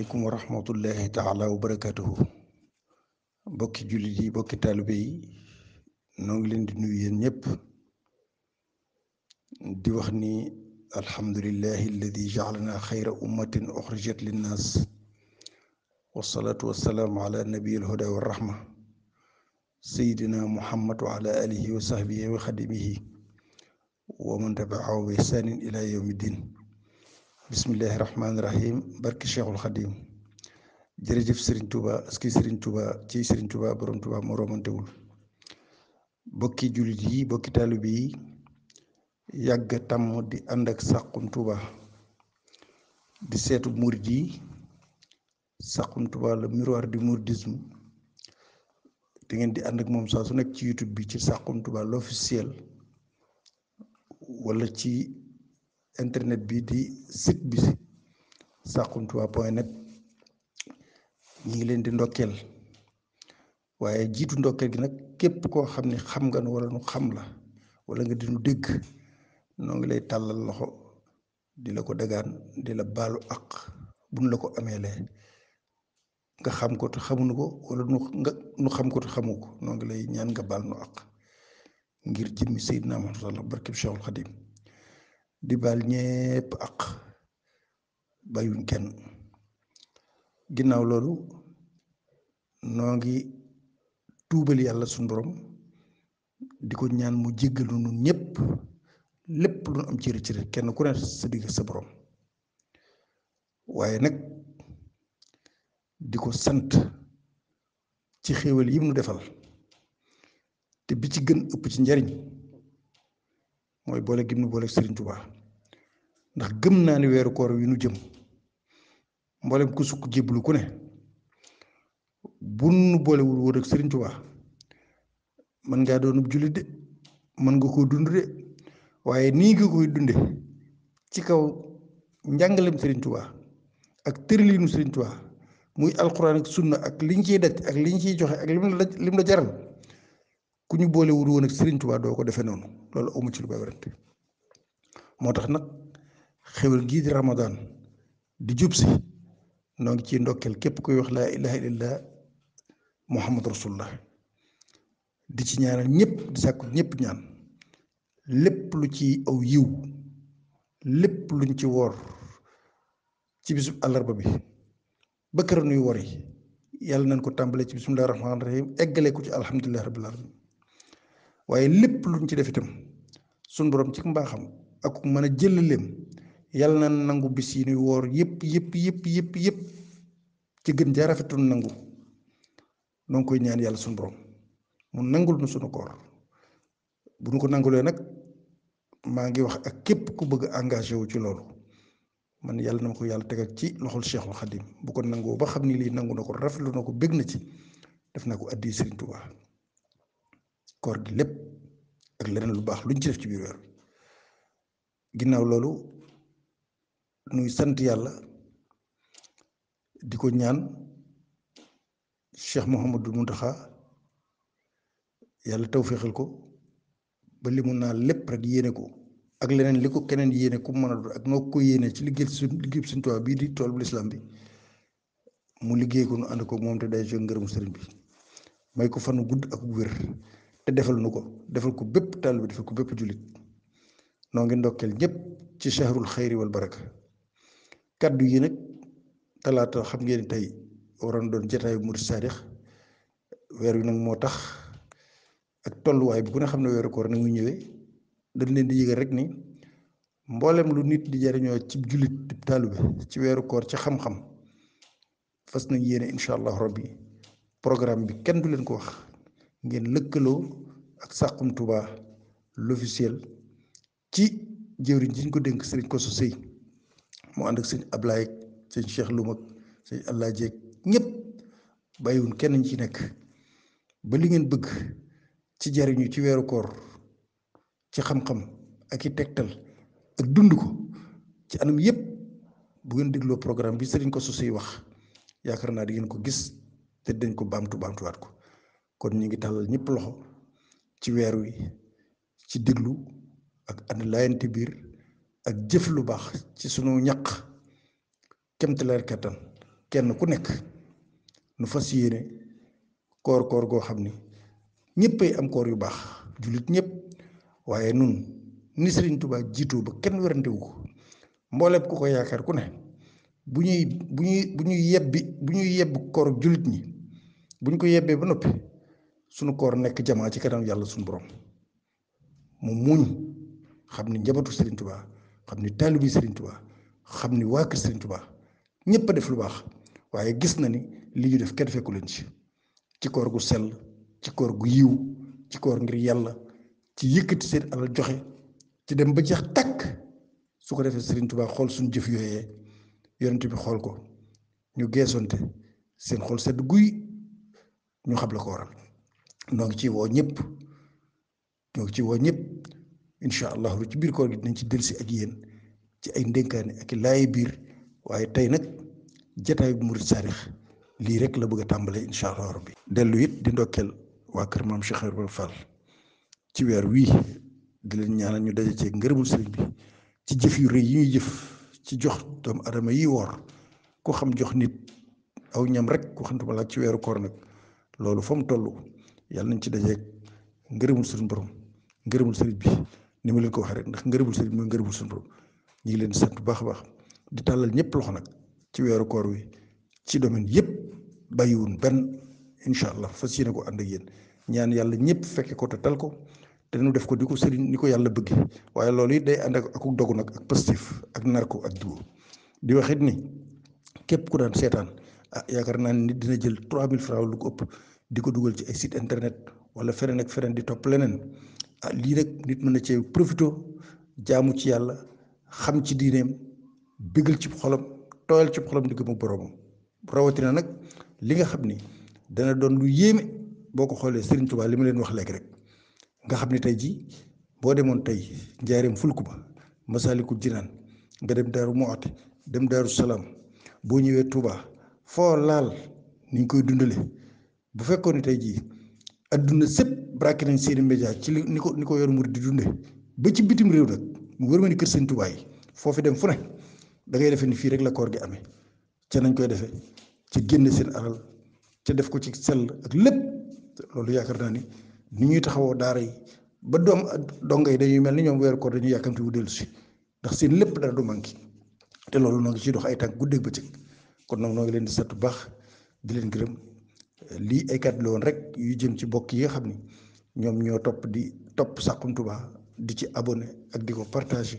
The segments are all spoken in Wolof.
aleykum wa rahmatullahi taala wa barakatuhu bokki jullit yi bokki taalibe yi noo ngi leen di nuyu yéen ñëpp di wax ni alhamdulillahi alladi jaalana xayra ummatin uxrijat linnaas wasalaatu wasalaamu ala nabiy alhuda wa rahma sayidina muhammad wa ala alihi wa sahbihi wa xadimihi wa man tabiahu bi ihsanin ila yawmi din bismillahi rahmaani rahim barki cheikhul xadim jërëjëf sëriñ tuuba aski sëriñ tuuba ci sëriñ tuuba borom tuuba moo romantewul bokki jullit yi bokki taalib yi yàgg tàmm di ànd ak sàqum tuuba di seetu murid yi sàqum tuuba la miroir du mouridisme da ngeen di ànd ak moom saa su nekk ci youtube bi ci sàqum tuuba l'officiel wala ci internet bi di site bi saxumtuba point net ñu ngi leen di ndokkeel waaye jiitu ndokkeel gi nag képp koo xam ne xam nga nu wala nu xam la wala nga dinu dégg noo lay tàllal loxo di la ko dagaan di la baalu bu buñ la ko ameelee nga xam ko te xamuñu ko wala nu nga nu xam ko te xamu ko noo ngi lay ñaan nga baal nu àq ngir jëmmi Seydina Muhammad sallallahu barkib Cheikhul Xadim di baal ñépp ak bayuñ kenn ginnaaw loolu noo ngi tuubal yàlla suñ borom di ko ñaan mu jéggalu nu ñépp lépp lu am ci rëcc kenn ku ne sa digg sa borom waaye nag di ko sant ci xéewal yi mu defal te bi ci gën ëpp ci njariñ mooy boole gim nu boole Serigne Touba ndax gëm naa ni weeru koor wi nu jëm mboolem ku sukk jébbalu ku ne bu nu boolewul woon ak Serigne Touba mën ngaa doonub jullit de mën nga koo dund de waaye nii nga koy dunde ci kaw njàngalem Serigne Touba ak tëriliinu Serigne Touba muy alxuraan ak sunna ak liñ ciy daj ak liñ ciy joxe ak lim la lim ku ñu boole wul woon ak Serigne Touba doo ko defee noonu loolu amu ci lu koy werante moo tax nag xewal gii di di jub si noo ngi ciy ndokkeel képp koy wax laa ilaha illallah muhammad rasulullah di ci ñaanal ñëpp di sàkku ñëpp ñaan lépp lu ci aw yiw lépp luñ ci woor ci bisub àllarba bi ba këra nuy wori yàlla nan ko tàmbalee ci bisimilah rahmaani rahim eggale ko ci alhamdulilah rabbil alamin waaye lépp luñ ci def itam sunu borom ci mbaaxam ak mën a jëlaleem yàlla na nangu bis yi nuy woor yëpp yëpp yëpp yëpp yëpp ci gën jaa rafetul nangu noo koy ñaan yàlla sunu borom mu nangul nu sunu koor bu nu ko nangulee nag maa ngi wax ak képp ku bëgg engagé wu ci loolu man yàlla na ma ko yàlla tegal ci loxol Cheikhul Xadim bu ko nangoo ba xam ni lii nangu na ko rafetlu na ko bég na ci def naa ko addi Serigne Touba. koor gi lépp ak leneen lu baax luñ ci ci biir weer bi ginnaaw loolu nuy sant yàlla di ko ñaan Cheikh Mouhamadul Mountakha yàlla tawféexal ko ba li mun naa lépp rek yéene ko ak leneen li ko keneen yéene ku mën a doon ak noo ko yéene ci liggéey suñ liggéey suñ tubaab bii di tool bu lislaam bi mu liggéey ko nu ànd ko moom te day jo ngërëmu sëriñ bi may ko fanu gudd ak wér te defal nu ko defal ko bépp taalibe defal ko bépp jullit noo ngi ndokkeel ñëpp ci shahrul xayri wal baraka kaddu yi nag talaata xam ngeen tey waroon doon jataayu murid saadix weer wi nag moo tax ak tolluwaay bu ku ne xam ne weeru koor na mu ñëwee dañ leen di yëgal rek ni mboolem lu nit di jariñoo ci jullit di taalibe ci weeru koor ci xam-xam fas nañ yéene incha allah rabbi programme bi kenn du leen ko wax ngeen lëkkaloo ak Saxum Touba l'officiel ci jëwriñ ji ko dénk sëriñ ko Sëy mu ànd ak sëñ Ablaye ak sëñ Cheikh Loum ak sëñ Alla ñépp ñëpp bàyyiwun kenn ñu ci nekk ba li ngeen bëgg ci jariñu ci weeru koor ci xam-xam ak i tegtal ak dund ko ci anam yépp bu ngeen dégloo programme bi sëriñ Kosso Sëy wax yaakaar naa di ngeen ko gis te dañ ko baam baamtuwaat ko kon ñu ngi tàllal ñëpp loxo ci weer wi ci déglu ak ànd laayante biir ak jëf lu baax ci suñu ñaq kemtalaar kattan kenn ku nekk nu fas yéene koor koor goo xam ni ñëppay am koor yu baax jullit ñëpp waaye nun ni Sëriñ Tuubaa jiitoo ba kenn werantewu ko mbooleeb ku ko yaakaar ku ne bu ñuy bu ñuy bu ñuy yebbi bu ñuy yebb koor jullit ñi buñ ko yebbee ba noppi sunu koor nekk jamaa ci kanam yàlla sunu borom mu muñ xam ni njabatu sëriñ Touba xam ni taalibi Serigne Touba xam ni waa kër Serigne Touba ñëpp a def lu baax waaye gis na ni li ñu def kenn fekku ci ci koor gu sell ci koor gu yiw ci koor ngir yàlla ci yëkkati seen alal joxe ci dem ba jeex takk su ko defee Serigne Touba xool suñ jëf yooyee yonent bi xool ko ñu geesoonte seen xool sedd guy ñu xam la ko noo ngi ci woo ñépp noo ngi ci incha allah lu ci biir koor gi dinañ ci delsi ak yéen ci ay ndénkaane ak biir waaye tey nag jataay bu rek la bëgg a tàmbalee incha dellu it di ndokkeel waa weer wii di leen ñaanal ñu daje cee ngërëmul sëriñ jëf yi jëf ci jox yi woor ku xam jox nit aw ñam rek ku xam te ci weeru koor nag loolu fa mu toll yàlla nañ ci dajeeg ngërëmul suñu borom ngërëmul sëriñ bi ni ma leen ko waxee rek ndax ngërëmul sëriñ bi mooy ngërëmul suñu borom ñu ngi leen di sant bu baax a baax di tàllal ñëpp loxo nag ci weeru koor wi ci domaine yëpp bàyyiwun benn incha allah fas yéene ko ànd ak yéen ñaan yàlla ñëpp fekke ko te tal ko te nu def ko ni ko sëriñ ni ko yàlla bëgg waaye loolu it day ànd ak akuk dogu nag ak positif ak narko ak duo di wax it ni képp ku daan seetaan ah yaakaar naa ni dina jël 3000 francs lu ko ëpp. di ko dugal ci ay site internet wala fereen ak fereen di topp leneen ah lii nag nit mën na cee profité jaamu ci yàlla xam ci diineem bégal ci xolam tooyal ci xolam di gëm boroomam rawatina nag li nga xam ni dana doon lu yéeme boo ko xoolee Serigne Touba li ma leen wax léegi rek nga xam ni tey jii boo demoon tey njaareem fulku ba Masaalikul Jinaan nga dem Daaru Muxti dem Daaru Salaam boo ñëwee Touba foo laal niñ koy dundale bu fekkoon ne tey jii adduna sëpp braqué nañ seeni média ci li ni ko ni ko yor mu di dunde ba ci bitim réew nag mu wër ma ni kër sëñ Tuubaa yi foofu dem fu ne da ngay defee ni fii rek la koor gi amee ca nañ koy defee ci génne seen alal ca def ko ci sell ak lépp loolu yaakaar naa ni ni ñuy taxawoo daara yi ba doom donga yi dañuy mel ni ñoom weeru koor dañuy yàkkamti wu dellu si ndax seen lépp dara du manqué te loolu noo ngi ciy dox ay tànk guddeeg bëccëg kon nag noo ngi leen di sant bu baax di leen gërëm lii ay kàddu la rek yu jëm ci bokk yi nga xam ni ñoom ñoo topp di topp Saxum Touba di ci abonné ak di ko partage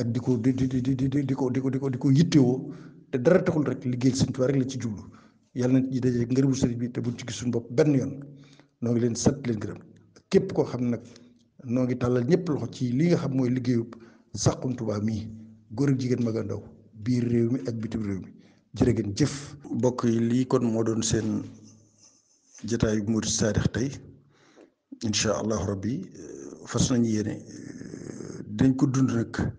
ak di ko di di di di di ko di ko yittewoo te dara taxul rek liggéey Sëñ Tuubaa rek la ci jublu yàlla nañ ci dajee ngërëmu sëriñ bi te buñ ci gis suñu bopp benn yoon noo ngi leen sant leen gërëm képp koo xam nag noo ngi tàllal ñëpp loxo ci li nga xam mooy liggéeyub Saxum Touba mii góor jigéen mag biir réew mi ak bitim réew mi jërë jëf. mbokk yi lii kon moo doon seen. jotaayu Murid Saadix tey incha allahu rabbi fas nañu yéene dañ ko dund nag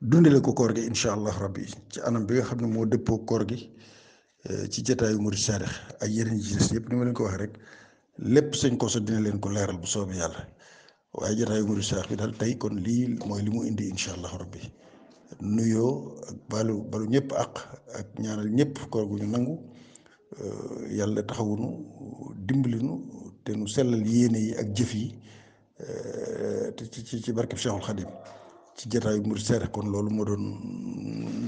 dundale ko koor gi incha allahu rabbi ci anam bi nga xam ne moo dëppoo koor gi ci jataayu Murid Saadix ak yenn yi ci yëpp ni ma leen ko waxee rek lépp sëñ Kosso dina leen ko leeral bu soobee yàlla waaye jotaayu Murid Saadix bi daal tey kon lii mooy li mu indi incha allahu rabbi nuyoo ak balu balu ñëpp àq ak ñaanal ñëpp koor gu ñu nangu. Euh, yàlla taxawunu dimbalinu te nu sellal yéene yi ak jëf yi euh, te ci ci barkeb Cheikhul Khadim ci jataayu Murid Saadikh kon loolu moo doon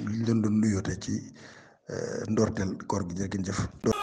liñ leen doon nuyoote ci euh, ndoorteel koor gi jërë ngeen jëf